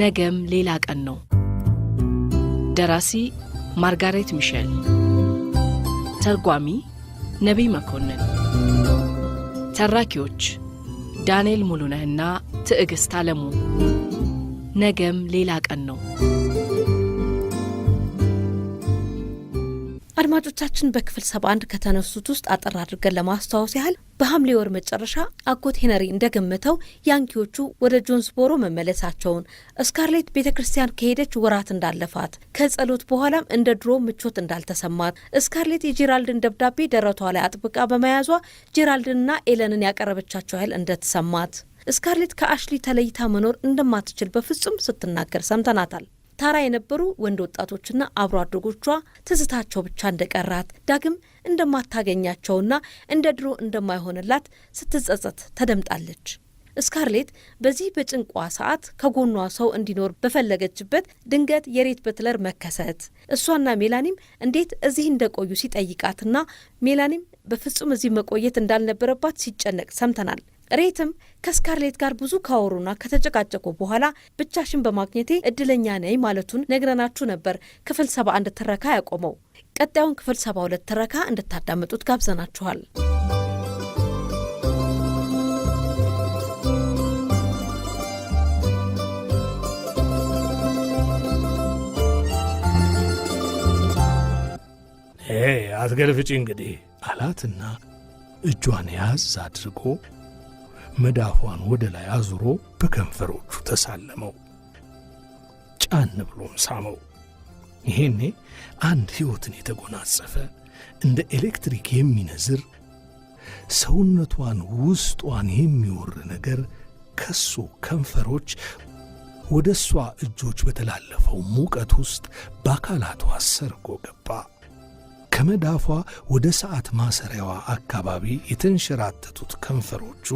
ነገም ሌላ ቀን ነው። ደራሲ ማርጋሬት ሚሸል ተርጓሚ ነቢይ መኮንን፣ ተራኪዎች ዳንኤል ሙሉነህና ትዕግሥት አለሙ። ነገም ሌላ ቀን ነው። አድማጮቻችን በክፍል ሰባ አንድ ከተነሱት ውስጥ አጠር አድርገን ለማስተዋወስ ያህል በሐምሌ ወር መጨረሻ አጎት ሄነሪ እንደገመተው ያንኪዎቹ ወደ ጆንስቦሮ መመለሳቸውን፣ እስካርሌት ቤተ ክርስቲያን ከሄደች ወራት እንዳለፋት፣ ከጸሎት በኋላም እንደ ድሮ ምቾት እንዳልተሰማት፣ እስካርሌት የጄራልድን ደብዳቤ ደረቷ ላይ አጥብቃ በመያዟ ጄራልድንና ኤለንን ያቀረበቻቸው ያህል እንደተሰማት፣ እስካርሌት ከአሽሊ ተለይታ መኖር እንደማትችል በፍጹም ስትናገር ሰምተናታል። ታራ የነበሩ ወንድ ወጣቶችና አብሮ አድርጎቿ ትዝታቸው ብቻ እንደቀራት ዳግም እንደማታገኛቸውና እንደ ድሮ እንደማይሆንላት ስትጸጸት ተደምጣለች። ስካርሌት በዚህ በጭንቋ ሰዓት ከጎኗ ሰው እንዲኖር በፈለገችበት ድንገት የሬት በትለር መከሰት እሷና ሜላኒም እንዴት እዚህ እንደቆዩ ሲጠይቃትና ሜላኒም በፍጹም እዚህ መቆየት እንዳልነበረባት ሲጨነቅ ሰምተናል። ሬትም ከስካርሌት ጋር ብዙ ካወሩና ከተጨቃጨቁ በኋላ ብቻሽን በማግኘቴ እድለኛ ነኝ ማለቱን ነግረናችሁ ነበር። ክፍል 71 ትረካ ያቆመው። ቀጣዩን ክፍል 72 ትረካ እንድታዳምጡት ጋብዘናችኋል። አትገልፍጪ እንግዲህ አላትና እጇን ያዝ አድርጎ መዳፏን ወደ ላይ አዙሮ በከንፈሮቹ ተሳለመው፣ ጫን ብሎም ሳመው። ይሄኔ አንድ ሕይወትን የተጎናጸፈ እንደ ኤሌክትሪክ የሚነዝር ሰውነቷን ውስጧን የሚወር ነገር ከሱ ከንፈሮች ወደ እሷ እጆች በተላለፈው ሙቀት ውስጥ በአካላቷ ሰርጎ ገባ። ከመዳፏ ወደ ሰዓት ማሰሪያዋ አካባቢ የተንሸራተቱት ከንፈሮቹ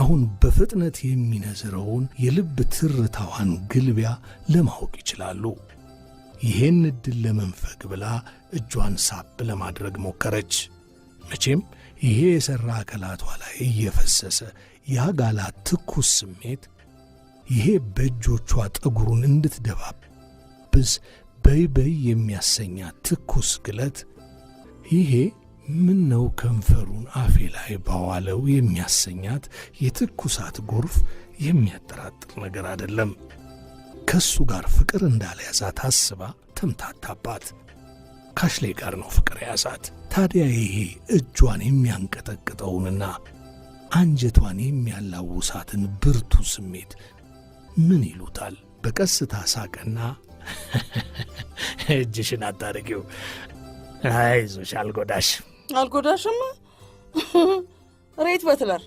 አሁን በፍጥነት የሚነዝረውን የልብ ትርታዋን ግልቢያ ለማወቅ ይችላሉ። ይህን ዕድል ለመንፈግ ብላ እጇን ሳብ ለማድረግ ሞከረች። መቼም ይሄ የሠራ አካላቷ ላይ እየፈሰሰ የአጋላት ትኩስ ስሜት ይሄ በእጆቿ ጠጉሩን እንድትደባብስ በይበይ የሚያሰኛ ትኩስ ግለት ይሄ ምን ነው ከንፈሩን አፌ ላይ ባዋለው የሚያሰኛት የትኩሳት ጎርፍ የሚያጠራጥር ነገር አይደለም። ከእሱ ጋር ፍቅር እንዳልያዛት አስባ ተምታታባት። ካሽሌ ጋር ነው ፍቅር ያዛት። ታዲያ ይሄ እጇን የሚያንቀጠቅጠውንና አንጀቷን የሚያላውሳትን ብርቱ ስሜት ምን ይሉታል? በቀስታ ሳቀና እጅሽን አታርጊው፣ አይዞሽ አልጎዳሽ አልጎዳሽማ። ሬት በትለር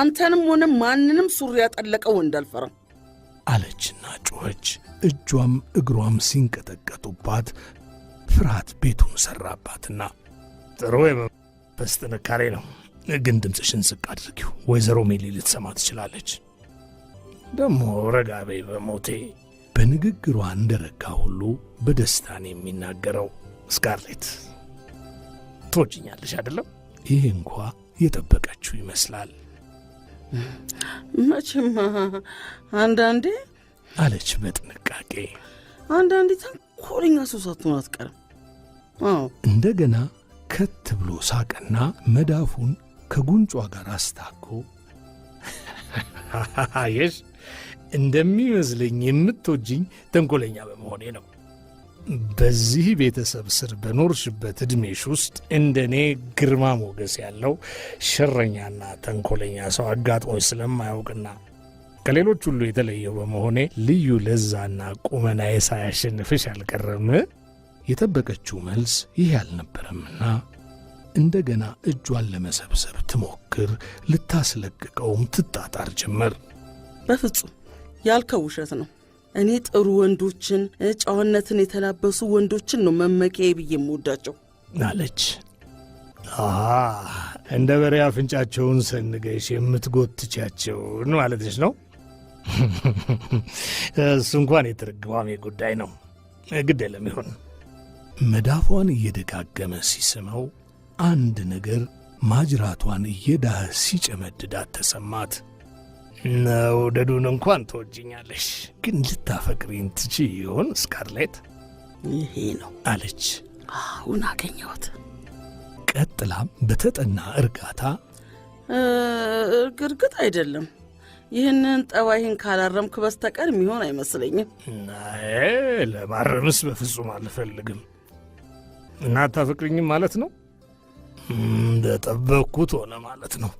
አንተንም ሆነ ማንንም ሱሪ ያጠለቀው ወንድ አልፈራም አለችና ጮኸች። እጇም እግሯም ሲንቀጠቀጡባት ፍርሃት ቤቱን ሰራባትና ጥሩ የመንፈስ ጥንካሬ ነው፣ ግን ድምፅሽን ዝቅ አድርጊው፣ ወይዘሮ ሜሊ ልትሰማ ትችላለች። ደሞ ረጋቤ በሞቴ በንግግሯ እንደረጋ ሁሉ በደስታን የሚናገረው ስካርሌት ትወጅኛለሽ አይደለም? ይህ እንኳ የጠበቀችው ይመስላል። መቼም አንዳንዴ አለች በጥንቃቄ አንዳንዴ ተንኮለኛ ሰው ሳትሆን አትቀርም። እንደገና ከት ብሎ ሳቀና መዳፉን ከጉንጯ ጋር አስታኮ የሽ እንደሚመስለኝ የምትወጅኝ ተንኮለኛ በመሆኔ ነው በዚህ ቤተሰብ ስር በኖርሽበት ዕድሜሽ ውስጥ እንደኔ ግርማ ሞገስ ያለው ሸረኛና ተንኮለኛ ሰው አጋጥሞች ስለማያውቅና ከሌሎች ሁሉ የተለየው በመሆኔ ልዩ ለዛና ቁመናዬ ሳያሸንፍሽ አልቀረም። የጠበቀችው መልስ ይህ አልነበረምና እንደገና እጇን ለመሰብሰብ ትሞክር፣ ልታስለቅቀውም ትጣጣር ጀመር። በፍጹም ያልከው ውሸት ነው እኔ ጥሩ ወንዶችን ጨዋነትን የተላበሱ ወንዶችን ነው መመኪያ ብዬ የምወዳቸው አለች። እንደ በሬ አፍንጫቸውን ሰንገሽ የምትጎትቻቸውን ማለትሽ ነው። እሱ እንኳን የትርጓሜ ጉዳይ ነው። ግድ የለም ይሁን። መዳፏን እየደጋገመ ሲስመው አንድ ነገር ማጅራቷን እየዳህ ሲጨመድዳት ተሰማት። መውደዱን እንኳን ትወጅኛለሽ፣ ግን ልታፈቅሪኝ ትች ይሆን ስካርሌት? ይሄ ነው አለች። አሁን አገኘሁት። ቀጥላም በተጠና እርጋታ እርግጥ አይደለም ይህንን ጠባይህን ካላረምክ በስተቀር የሚሆን አይመስለኝም። ለማረምስ በፍጹም አልፈልግም። እና አታፈቅሪኝም ማለት ነው? እንደጠበቅኩት ሆነ ማለት ነው።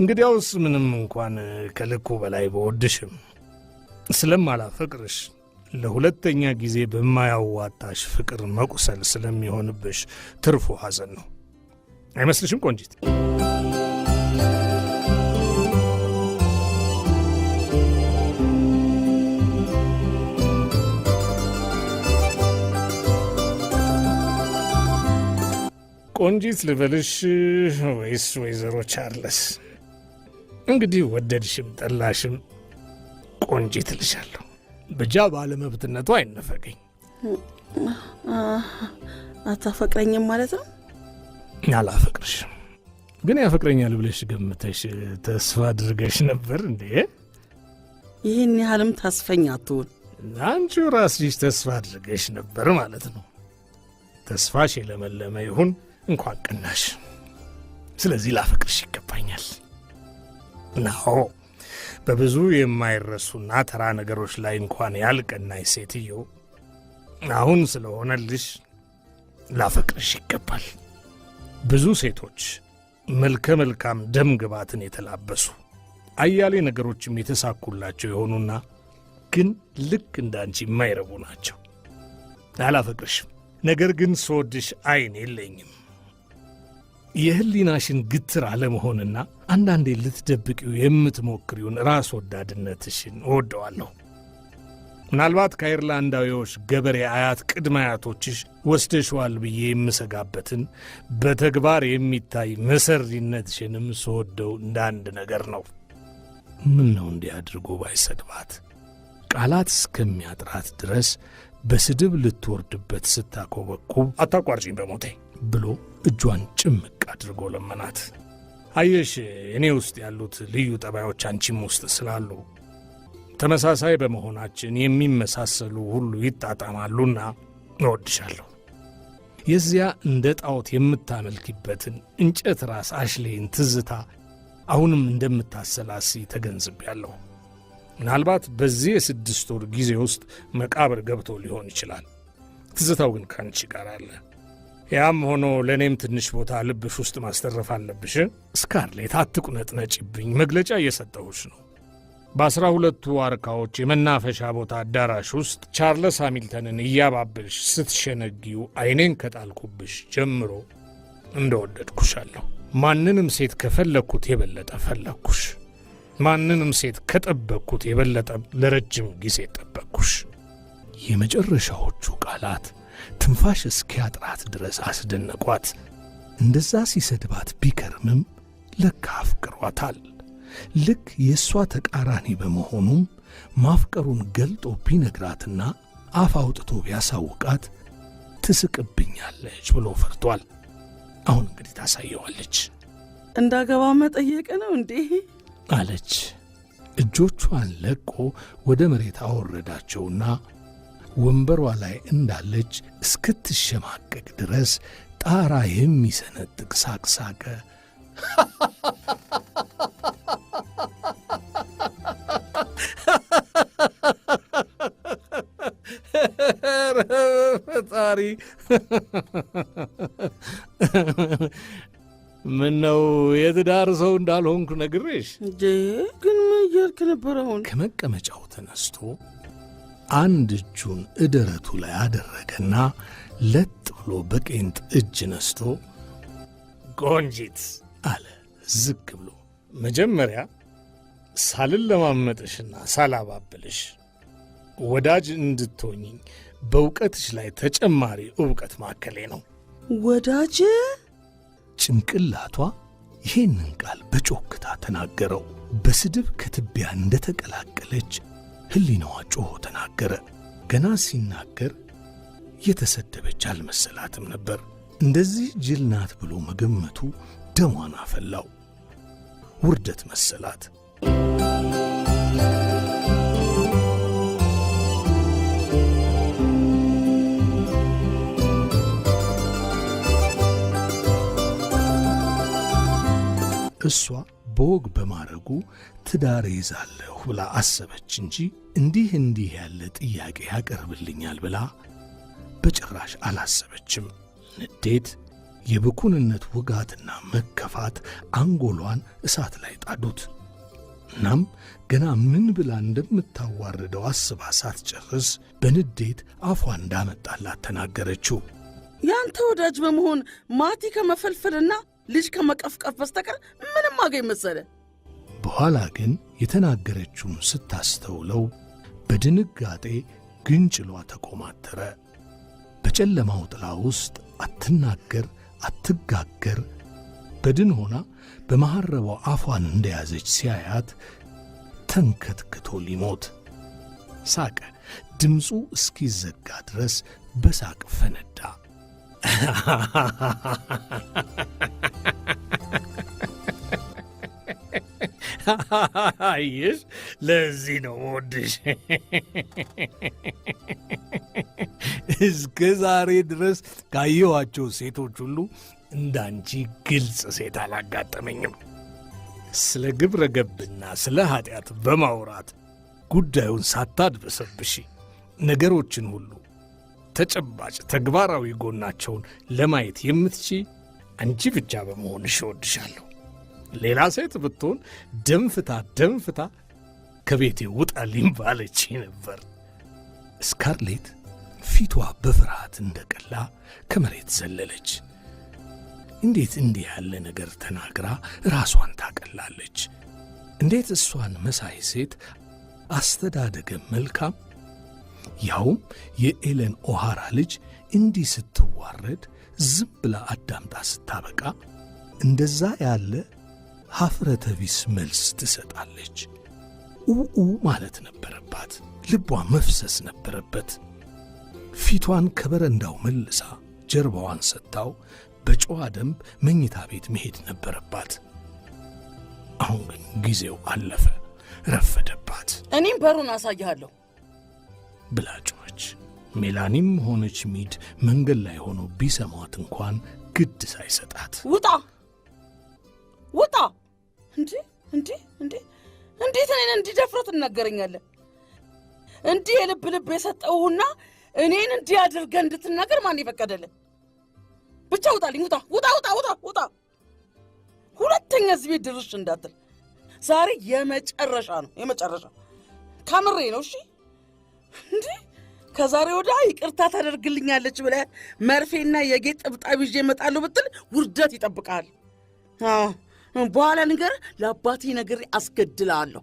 እንግዲያውስ ምንም እንኳን ከልኩ በላይ በወድሽም ስለማላፈቅርሽ ለሁለተኛ ጊዜ በማያዋጣሽ ፍቅር መቁሰል ስለሚሆንብሽ ትርፉ ሐዘን ነው አይመስልሽም ቆንጂት? ቆንጂት ልበልሽ ወይስ ወይዘሮ ቻርለስ? እንግዲህ ወደድሽም ጠላሽም ቆንጂት እልሻለሁ። ብቻ ባለመብትነቱ አይነፈቀኝ። አታፈቅረኝም ማለት ነው? አላፈቅርሽም። ግን ያፈቅረኛል ብለሽ ገምተሽ ተስፋ አድርገሽ ነበር እንዴ? ይህን ያህልም ታስፈኝ አትሆን። አንቺው ራስሽ ተስፋ አድርገሽ ነበር ማለት ነው። ተስፋሽ የለመለመ ይሁን እንኳን ቀናሽ። ስለዚህ ላፈቅርሽ ይገባኛል። ናሆ በብዙ የማይረሱና ተራ ነገሮች ላይ እንኳን ያልቀናች ሴትዮ አሁን ስለሆነልሽ ላፈቅርሽ ይገባል። ብዙ ሴቶች መልከ መልካም ደም ግባትን የተላበሱ አያሌ ነገሮችም የተሳኩላቸው የሆኑና ግን ልክ እንዳንቺ የማይረቡ ናቸው። አላፈቅርሽም፣ ነገር ግን ስወድሽ አይን የለኝም የህሊናሽን ግትር አለመሆንና አንዳንዴ ልትደብቂው የምትሞክሪውን ራስ ወዳድነትሽን እወደዋለሁ። ምናልባት ከአይርላንዳዊዎች ገበሬ አያት ቅድመ አያቶችሽ ወስደሽዋል ብዬ የምሰጋበትን በተግባር የሚታይ መሰሪነትሽንም ስወደው እንደ አንድ ነገር ነው። ምን ነው እንዲህ አድርጎ ባይሰድባት? ቃላት እስከሚያጥራት ድረስ በስድብ ልትወርድበት ስታኮበኩብ አታቋርጭኝ በሞቴ ብሎ እጇን ጭምቅ አድርጎ ለመናት። አየሽ እኔ ውስጥ ያሉት ልዩ ጠባዮች አንቺም ውስጥ ስላሉ ተመሳሳይ በመሆናችን የሚመሳሰሉ ሁሉ ይጣጣማሉና እወድሻለሁ። የዚያ እንደ ጣዖት የምታመልኪበትን እንጨት ራስ አሽሌን ትዝታ አሁንም እንደምታሰላሲ ተገንዝቤያለሁ። ምናልባት በዚህ የስድስት ወር ጊዜ ውስጥ መቃብር ገብቶ ሊሆን ይችላል። ትዝታው ግን ከአንቺ ጋር አለ። ያም ሆኖ ለእኔም ትንሽ ቦታ ልብሽ ውስጥ ማስተረፍ አለብሽ። ስካርሌት አትቁነጥነጭብኝ፣ መግለጫ እየሰጠሁሽ ነው። በአስራ ሁለቱ ዋርካዎች የመናፈሻ ቦታ አዳራሽ ውስጥ ቻርለስ ሃሚልተንን እያባበልሽ ስትሸነጊው አይኔን ከጣልኩብሽ ጀምሮ እንደወደድኩሻለሁ። ማንንም ሴት ከፈለግኩት የበለጠ ፈለግኩሽ። ማንንም ሴት ከጠበቅኩት የበለጠ ለረጅም ጊዜ ጠበቅኩሽ። የመጨረሻዎቹ ቃላት ትንፋሽ እስኪያጥራት ድረስ አስደነቋት። እንደዛ ሲሰድባት ቢከርምም ለካ አፍቅሯታል። ልክ የእሷ ተቃራኒ በመሆኑም ማፍቀሩን ገልጦ ቢነግራትና አፍ አውጥቶ ቢያሳውቃት ትስቅብኛለች ብሎ ፈርቷል። አሁን እንግዲህ ታሳየዋለች። እንዳገባ መጠየቅ ነው እንዴ አለች። እጆቿን ለቆ ወደ መሬት አወረዳቸውና ወንበሯ ላይ እንዳለች እስክትሸማቀቅ ድረስ ጣራ የሚሰነጥቅ ሳቅሳቀ ሳቀ። ፈጣሪ ምን ነው የትዳር ሰው እንዳልሆንኩ ነግሬሽ። ግን ምን እያልክ ነበር? አሁን ከመቀመጫው ተነስቶ አንድ እጁን እደረቱ ላይ አደረገና ለጥ ብሎ በቄንጥ እጅ ነስቶ ጎንጂት አለ ዝግ ብሎ። መጀመሪያ ለማመጥሽና ሳላባብልሽ ወዳጅ እንድትሆኝኝ በእውቀትሽ ላይ ተጨማሪ እውቀት ማከሌ ነው። ወዳጅ ጭንቅላቷ ይህንን ቃል በጮክታ ተናገረው። በስድብ ከትቢያ እንደተቀላቀለች ህሊናዋ ጮሆ ተናገረ። ገና ሲናገር የተሰደበች አልመሰላትም ነበር። እንደዚህ ጅል ናት ብሎ መገመቱ ደሟን አፈላው፣ ውርደት መሰላት። እሷ በወግ በማረጉ ትዳር ይዛለሁ ብላ አሰበች እንጂ እንዲህ እንዲህ ያለ ጥያቄ ያቀርብልኛል ብላ በጭራሽ አላሰበችም። ንዴት፣ የብኩንነት ውጋትና መከፋት አንጎሏን እሳት ላይ ጣዱት። እናም ገና ምን ብላ እንደምታዋርደው አስባ ሳትጨርስ በንዴት አፏ እንዳመጣላት ተናገረችው። ያንተ ወዳጅ በመሆን ማቲ ከመፈልፈልና ልጅ ከመቀፍቀፍ በስተቀር ምንም አገኝ መሰለ። በኋላ ግን የተናገረችውን ስታስተውለው በድንጋጤ ግንጭሏ ተቆማተረ በጨለማው ጥላ ውስጥ አትናገር አትጋገር በድን ሆና በመሐረቧ አፏን እንደያዘች ሲያያት ተንከትክቶ ሊሞት ሳቀ። ድምፁ እስኪዘጋ ድረስ በሳቅ ፈነዳ። አየሽ፣ ለዚህ ነው ወድሽ። እስከ ዛሬ ድረስ ካየኋቸው ሴቶች ሁሉ እንዳንቺ ግልጽ ሴት አላጋጠመኝም። ስለ ግብረ ገብና ስለ ኃጢአት በማውራት ጉዳዩን ሳታድበሰብሽ ነገሮችን ሁሉ ተጨባጭ ተግባራዊ ጎናቸውን ለማየት የምትች አንቺ ብቻ በመሆንሽ እወድሻለሁ። ሌላ ሴት ብትሆን ደንፍታ ደንፍታ ከቤቴ ውጣልኝ ባለች ነበር። ስካርሌት ፊቷ በፍርሃት እንደ ቀላ ከመሬት ዘለለች። እንዴት እንዲህ ያለ ነገር ተናግራ ራሷን ታቀላለች? እንዴት እሷን መሳይ ሴት አስተዳደገ መልካም ያውም የኤለን ኦሃራ ልጅ እንዲህ ስትዋረድ ዝም ብላ አዳምጣ ስታበቃ እንደዛ ያለ ሐፍረተ ቢስ መልስ ትሰጣለች። ኡኡ ማለት ነበረባት። ልቧ መፍሰስ ነበረበት። ፊቷን ከበረንዳው መልሳ ጀርባዋን ሰጥታው በጨዋ ደንብ መኝታ ቤት መሄድ ነበረባት። አሁን ግን ጊዜው አለፈ፣ ረፈደባት። እኔም በሩን አሳይሃለሁ ብላጮች ሜላኒም ሆነች ሚድ መንገድ ላይ ሆኖ ቢሰሟት እንኳን ግድ ሳይሰጣት ውጣ ውጣ! እንዲ እንዲ እንዲ እንዴት እኔን እንዲህ የልብ ልብ የሰጠውና እኔን እንዲህ አድርገህ እንድትናገር ማን የፈቀደልህ? ብቻ ውጣልኝ! ውጣ ውጣ ውጣ ውጣ ውጣ! ሁለተኛ እዚህ ቤት ድርሽ እንዳትል። ዛሬ የመጨረሻ ነው የመጨረሻ። ከምሬ ነው። እሺ እንዲህ ከዛሬ ወዲያ ይቅርታ ታደርግልኛለች ብለ መርፌና የጌጥ ጥብጣብ ይዤ እመጣለሁ ብትል ውርደት ይጠብቃል። በኋላ ነገር ለአባቴ ነግሬ አስገድላለሁ።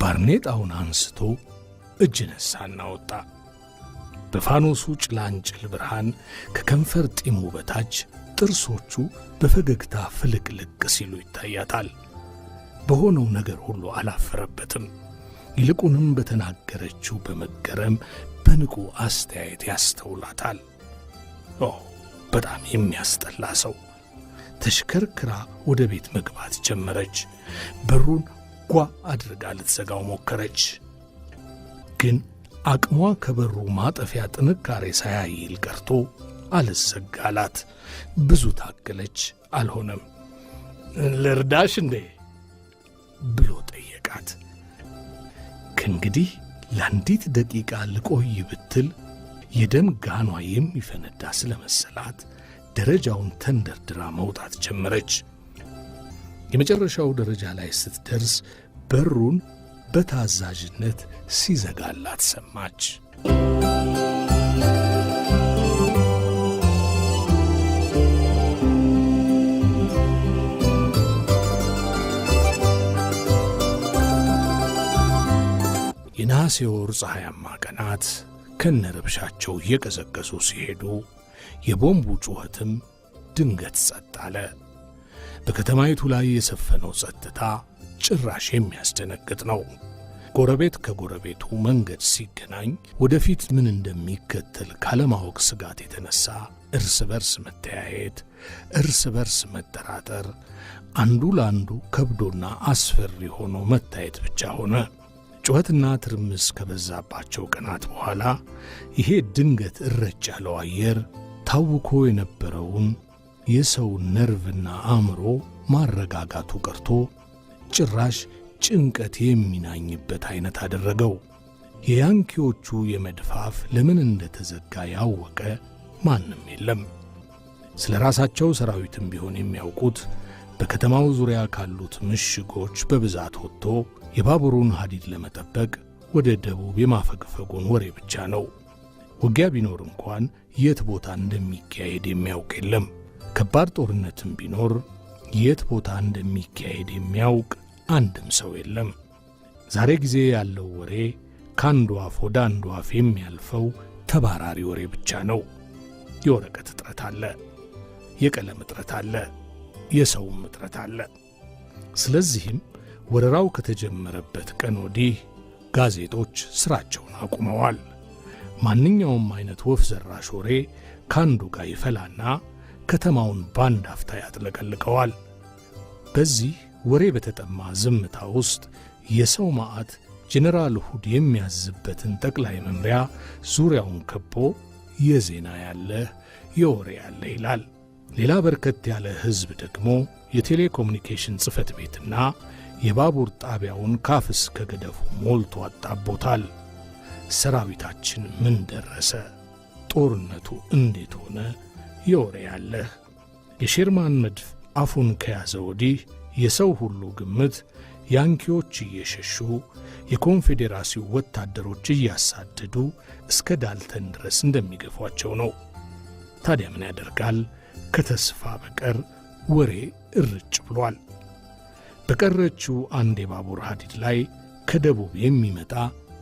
ባርኔጣውን አንስቶ እጅ ነሳና ወጣ። በፋኖሱ ጭላንጭል ብርሃን ከከንፈር ጢሙ በታች ጥርሶቹ በፈገግታ ፍልቅልቅ ሲሉ ይታያታል። በሆነው ነገር ሁሉ አላፈረበትም። ይልቁንም በተናገረችው በመገረም በንቁ አስተያየት ያስተውላታል። ኦ በጣም የሚያስጠላ ሰው! ተሽከርክራ ወደ ቤት መግባት ጀመረች። በሩን ጓ አድርጋ ልትዘጋው ሞከረች፣ ግን አቅሟ ከበሩ ማጠፊያ ጥንካሬ ሳያይል ቀርቶ አልዘጋላት። ብዙ ታገለች፣ አልሆነም። ልርዳሽ እንዴ ብሎ ጠየቃት። ከእንግዲህ ለአንዲት ደቂቃ ልቆይ ብትል የደም ጋኗ የሚፈነዳ ስለ መሰላት ደረጃውን ተንደርድራ መውጣት ጀመረች። የመጨረሻው ደረጃ ላይ ስትደርስ በሩን በታዛዥነት ሲዘጋላት ሰማች። የነሐሴ ወር ፀሐያማ ቀናት ከነረብሻቸው እየቀዘቀዙ ሲሄዱ የቦምቡ ጩኸትም ድንገት ጸጥ አለ። በከተማይቱ ላይ የሰፈነው ጸጥታ ጭራሽ የሚያስደነግጥ ነው። ጎረቤት ከጎረቤቱ መንገድ ሲገናኝ ወደፊት ምን እንደሚከተል ካለማወቅ ስጋት የተነሳ እርስ በርስ መተያየት፣ እርስ በርስ መጠራጠር፣ አንዱ ለአንዱ ከብዶና አስፈሪ ሆኖ መታየት ብቻ ሆነ። ጩኸትና ትርምስ ከበዛባቸው ቀናት በኋላ ይሄ ድንገት እረጭ ያለው አየር ታውኮ የነበረውን የሰው ነርቭና አእምሮ ማረጋጋቱ ቀርቶ ጭራሽ ጭንቀት የሚናኝበት ዐይነት አደረገው። የያንኪዎቹ የመድፋፍ ለምን እንደተዘጋ ያወቀ ማንም የለም። ስለ ራሳቸው ሰራዊትም ቢሆን የሚያውቁት በከተማው ዙሪያ ካሉት ምሽጎች በብዛት ወጥቶ የባቡሩን ሐዲድ ለመጠበቅ ወደ ደቡብ የማፈግፈጉን ወሬ ብቻ ነው። ውጊያ ቢኖር እንኳን የት ቦታ እንደሚካሄድ የሚያውቅ የለም። ከባድ ጦርነትም ቢኖር የት ቦታ እንደሚካሄድ የሚያውቅ አንድም ሰው የለም። ዛሬ ጊዜ ያለው ወሬ ከአንዱ አፍ ወደ አንዱ አፍ የሚያልፈው ተባራሪ ወሬ ብቻ ነው። የወረቀት እጥረት አለ። የቀለም እጥረት አለ። የሰውም እጥረት አለ። ስለዚህም ወረራው ከተጀመረበት ቀን ወዲህ ጋዜጦች ሥራቸውን አቁመዋል። ማንኛውም አይነት ወፍ ዘራሽ ወሬ ከአንዱ ጋር ይፈላና ከተማውን በአንድ አፍታ ያጥለቀልቀዋል። በዚህ ወሬ በተጠማ ዝምታ ውስጥ የሰው ማዕት ጄኔራል ሁድ የሚያዝበትን ጠቅላይ መምሪያ ዙሪያውን ከቦ የዜና ያለህ የወሬ ያለህ ይላል። ሌላ በርከት ያለ ሕዝብ ደግሞ የቴሌኮሙኒኬሽን ጽሕፈት ቤትና የባቡር ጣቢያውን ካፍ እስከ ገደፉ ሞልቶ አጣቦታል። ሰራዊታችን ምን ደረሰ? ጦርነቱ እንዴት ሆነ? የወሬ ያለህ የሼርማን መድፍ አፉን ከያዘ ወዲህ የሰው ሁሉ ግምት ያንኪዎች እየሸሹ የኮንፌዴራሲው ወታደሮች እያሳደዱ እስከ ዳልተን ድረስ እንደሚገፏቸው ነው። ታዲያ ምን ያደርጋል? ከተስፋ በቀር ወሬ እርጭ ብሏል። በቀረችው አንድ የባቡር ሐዲድ ላይ ከደቡብ የሚመጣ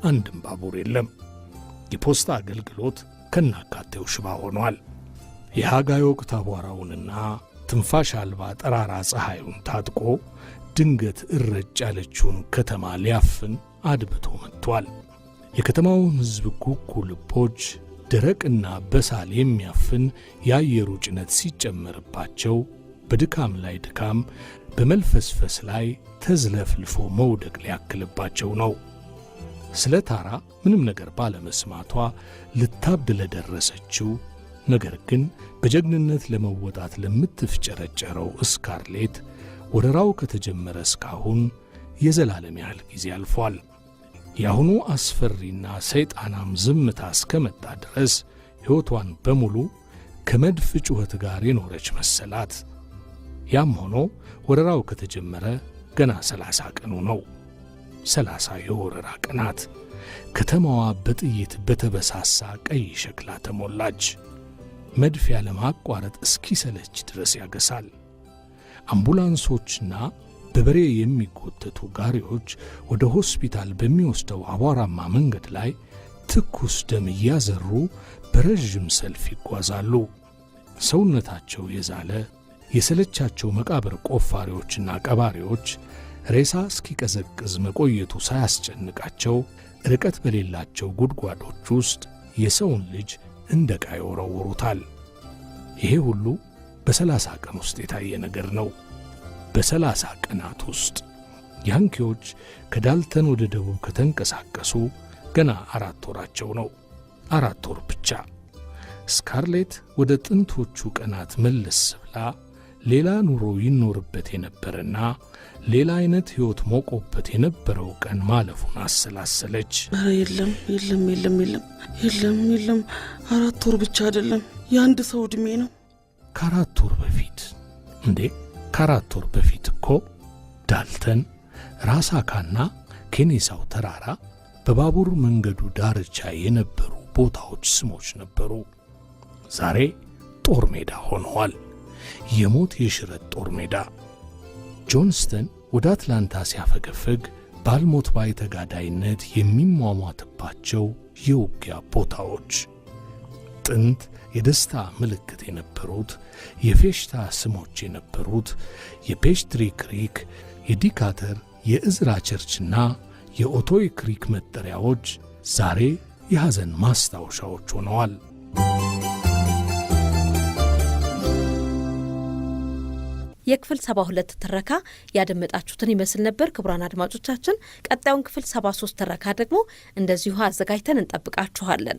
አንድም ባቡር የለም። የፖስታ አገልግሎት ከናካቴው ሽባ ሆኗል። የሃጋይ ወቅት አቧራውንና ትንፋሽ አልባ ጠራራ ፀሐዩን ታጥቆ ድንገት እረጭ ያለችውን ከተማ ሊያፍን አድብቶ መጥቷል። የከተማውን ሕዝብ ጉጉ ልቦች ደረቅና በሳል የሚያፍን የአየሩ ጭነት ሲጨመርባቸው በድካም ላይ ድካም በመልፈስፈስ ላይ ተዝለፍልፎ መውደቅ ሊያክልባቸው ነው። ስለ ታራ ምንም ነገር ባለመስማቷ ልታብድ ለደረሰችው ነገር ግን በጀግንነት ለመወጣት ለምትፍጨረጨረው እስካርሌት ወረራው ከተጀመረ እስካሁን የዘላለም ያህል ጊዜ አልፏል። የአሁኑ አስፈሪና ሰይጣናም ዝምታ እስከመጣ ድረስ ሕይወቷን በሙሉ ከመድፍ ጩኸት ጋር የኖረች መሰላት። ያም ሆኖ ወረራው ከተጀመረ ገና ሰላሳ ቀኑ ነው። ሰላሳ የወረራ ቀናት። ከተማዋ በጥይት በተበሳሳ ቀይ ሸክላ ተሞላች። መድፍ ያለማቋረጥ እስኪሰለች ድረስ ያገሳል። አምቡላንሶችና በበሬ የሚጎተቱ ጋሪዎች ወደ ሆስፒታል በሚወስደው አቧራማ መንገድ ላይ ትኩስ ደም እያዘሩ በረዥም ሰልፍ ይጓዛሉ። ሰውነታቸው የዛለ የሰለቻቸው መቃብር ቆፋሪዎችና ቀባሪዎች ሬሳ እስኪቀዘቅዝ መቆየቱ ሳያስጨንቃቸው ርቀት በሌላቸው ጉድጓዶች ውስጥ የሰውን ልጅ እንደ ዕቃ ይወረውሩታል። ይሄ ሁሉ በሰላሳ ቀን ውስጥ የታየ ነገር ነው። በሰላሳ ቀናት ውስጥ ያንኪዎች ከዳልተን ወደ ደቡብ ከተንቀሳቀሱ ገና አራት ወራቸው ነው። አራት ወር ብቻ። ስካርሌት ወደ ጥንቶቹ ቀናት መለስ ብላ ሌላ ኑሮ ይኖርበት የነበረና ሌላ አይነት ሕይወት ሞቆበት የነበረው ቀን ማለፉን አሰላሰለች። ኧረ የለም የለም የለም የለም የለም የለም፣ አራት ወር ብቻ አይደለም፣ የአንድ ሰው ዕድሜ ነው። ከአራት ወር በፊት እንዴ ከአራት ወር በፊት እኮ ዳልተን ራሳካና ኬኔሳው ተራራ በባቡር መንገዱ ዳርቻ የነበሩ ቦታዎች ስሞች ነበሩ። ዛሬ ጦር ሜዳ ሆነዋል። የሞት የሽረት ጦር ሜዳ። ጆንስተን ወደ አትላንታ ሲያፈገፍግ ባልሞት ባይ ተጋዳይነት የሚሟሟትባቸው የውጊያ ቦታዎች ጥንት የደስታ ምልክት የነበሩት የፌሽታ ስሞች የነበሩት የፔሽትሪ ክሪክ፣ የዲካተር፣ የእዝራ ቸርችና የኦቶይ ክሪክ መጠሪያዎች ዛሬ የሐዘን ማስታወሻዎች ሆነዋል። የክፍል 72 ትረካ ያደመጣችሁትን ይመስል ነበር። ክቡራን አድማጮቻችን ቀጣዩን ክፍል 73 ትረካ ደግሞ እንደዚሁ አዘጋጅተን እንጠብቃችኋለን።